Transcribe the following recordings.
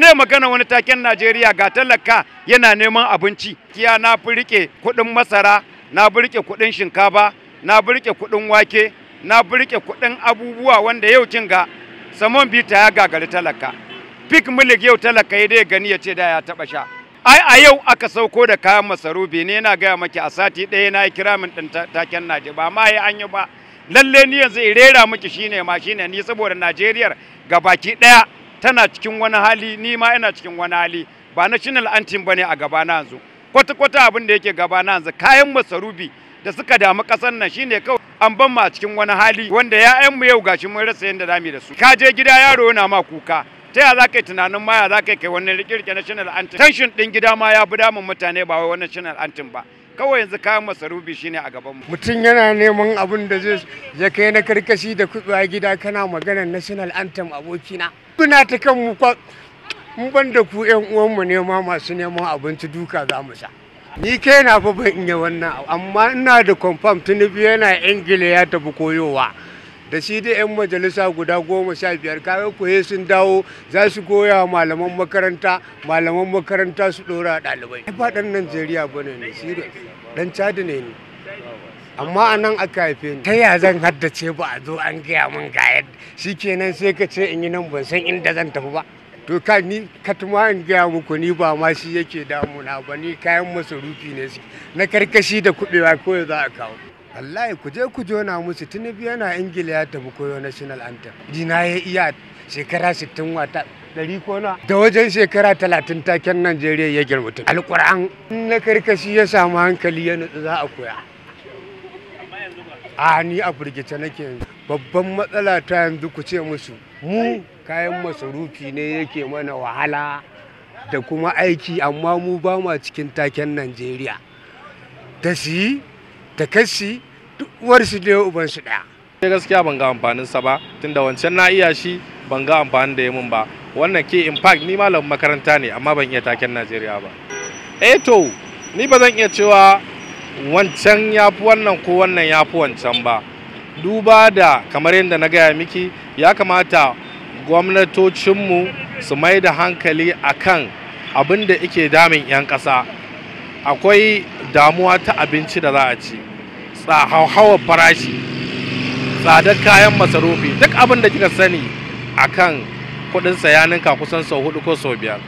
ne magana wani taken Najeriya ga talaka yana neman abinci kiya na burke kudin masara na burke kudin kuɗin shinkafa na burke kudin wake na burke kudin abubuwa wanda yau kin ga samon bita ya gagari talaka pik milik yau talaka ya dai gani ya ce da ya taba sha ai a yau aka sauko da kayan masarufi ne yana gaya maki a sati ɗaya na kira min ɗin taken Najeriya ba ma ya an yi ba lalle ni yanzu rera miki shine ma shine ni saboda Najeriya ga baki ɗaya tana cikin wani hali ni ma ina cikin wani hali ba national antin bane a gaba na yanzu kwata kwata abin da yake gaba na yanzu kayan masarubi da suka damu kasar nan shine kawai an ban ma cikin wani hali wanda ya'yan mu yau gashi mun rasa yanda zamu da su ka je gida yaro yana ma kuka ta ya za yi tunanin ma ya za kai wannan rikirke national anthem tension din gida ma ya fi damun mutane ba wai wannan national anthem ba kawai yanzu kayan masarufi shine a gaban mu mutum yana neman abin da zai ya kai na karkashi da kudu a gida kana maganar national anthem abokina kuna ta kan mu mun ban da ku yan uwan mu nema masu neman abinci duka za mu sha ni kai na fa ban iya wannan amma ina da confirm tuni yana ingila ya tafi koyowa da shi da 'yan majalisa guda goma sha biyar kawai koye sun dawo za su goya malaman makaranta malaman makaranta su ɗora ɗalibai ba ɗan najeriya ba ne sirius ɗan cadi ne ne amma a nan aka haife ni ta ya zan haddace ba a zo an gaya min ga yadda kenan sai ka ce in yi nan ban san inda zan tafi ba to kai ni katuma in gaya muku ni ba ma shi yake damuna ba ni kayan masarufi ne su na karkashi da kuɓewa kawai za a kawo wallahi ku je ku jona musu tinubu yana ingila ya tafi koyo national anthem dina ya iya shekara 60 wata ɗari ko na da wajen shekara talatin taken najeriya ya girmutu alƙur'an na karkashi ya samu hankali ya nutsu za a koya a ni a burgice nake yanzu babban matsala ta yanzu ku ce musu mu kayan masarufi ne yake mana wahala da kuma aiki amma mu ba ma cikin taken najeriya ta si, ta kasi su ne ubansu ɗaya gaskiya ban ga amfaninsa ba tunda wancan na iya shi ban ga amfanin da ya mun ba wannan ke impact ni malamin makaranta ne amma ban iya taken najeriya ba eh to ni ba zan iya cewa wancan ya fi wannan ko wannan ya fi wancan ba duba da kamar yadda na gaya miki ya kamata gwamnatocinmu su mai da hankali a kan abin da ike damin 'yan ƙasa akwai damuwa ta abinci da za a ci hauhawar farashi tsadar kayan masarufi duk abin da kika sani a kan kuɗin sayaninka kusan sau hudu ko sau biyar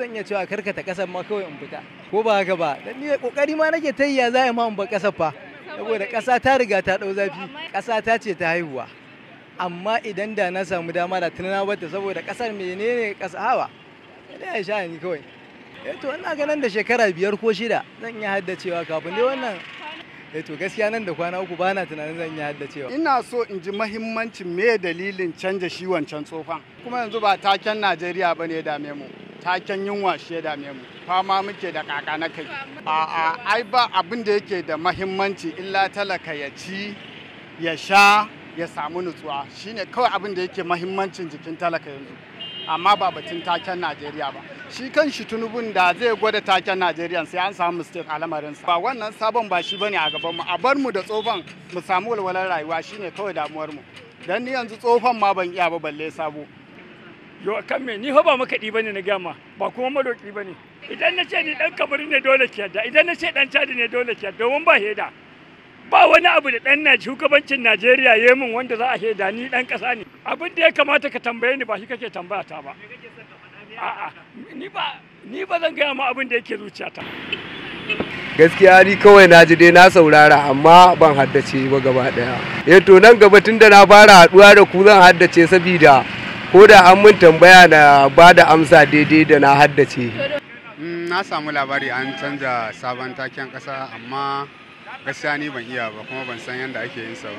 zan iya cewa karkata kasar ma kawai in fita ko ba haka ba dan ni kokari ma nake tayya za ma in ba kasar fa saboda kasa ta riga ta dau zafi kasa ta ce ta haihuwa amma idan da na samu dama da tunana bata saboda kasar menene kasa hawa da ya sha ni kawai eh to ina ganin da shekara biyar ko shida zan iya haddacewa kafin dai wannan eh to gaskiya nan da kwana uku bana tunanin zan iya haddacewa ina so in ji mahimmancin me dalilin canja shi wancan tsofan kuma yanzu ba taken Najeriya bane ya dame mu taken yunwa shi ya dame mu fama muke da kaka na kai a'a ai ba abin da yake da mahimmanci illa talaka ya ci ya sha ya samu nutsuwa shine kawai abin da yake mahimmancin jikin talaka yanzu amma ba batun taken najeriya ba shi kan shi tunubun da zai gwada taken najeriya sai an samu mistake a sa. ba wannan sabon ba shi bane a gaban mu a bar mu da tsofan mu samu walwalar rayuwa shine kawai damuwar mu dan ni yanzu tsofan ma ban iya ba balle sabo yo kan me ni fa ba makaɗi bane na gama ba kuma madoki bane idan na ce ni dan kabari ne dole ki yadda idan na ce dan cadi ne dole ki yadda domin ba heda ba wani abu da ɗan na shugabancin Najeriya ya min wanda za a shaida ni dan kasa ne abin da ya kamata ka tambaye ni ba shi kake tambaya ta ba a'a ni ba ni ba zan gaya ma abin da yake zuciyata gaskiya ni kawai na ji dai na saurara amma ban haddace ba gaba daya eh to nan gaba tun da na fara haɗuwa da ku zan haddace saboda ko da an mun tambaya na ba da amsa daidai da na haddace mm, na samu labari an canza sabon taken kasa amma gaskiya ni ban iya ba kuma ban san yadda ake yin sa ba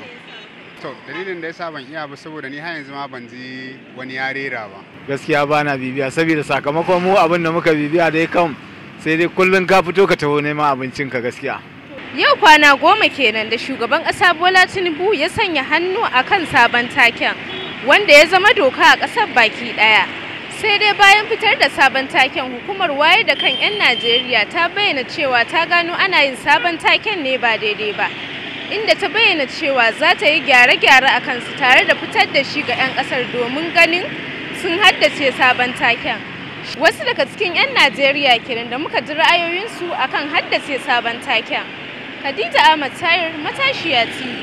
to dalilin da yasa ban iya ba saboda ni har yanzu ma ban ji wani ya rera ba gaskiya ba na bibiya saboda sakamakon mu abin da muka bibiya dai kan sai dai kullum ka fito ka taho neman abincin ka gaskiya yau kwana goma kenan da shugaban ƙasa bola tinubu ya sanya hannu akan sabon taken wanda ya zama doka a ƙasar baki ɗaya sai dai bayan fitar da sabon taken hukumar waye da kan 'yan najeriya ta bayyana cewa ta gano ana yin sabon taken ne ba daidai ba inda ta bayyana cewa za ta yi gyare-gyare a kansu tare da fitar da shi ga 'yan kasar domin ganin sun haddace sabon taken wasu daga cikin 'yan najeriya kenan da muka ji ra'ayoyinsu akan haddace sabon taken khadija ahmad tayar matashiya tv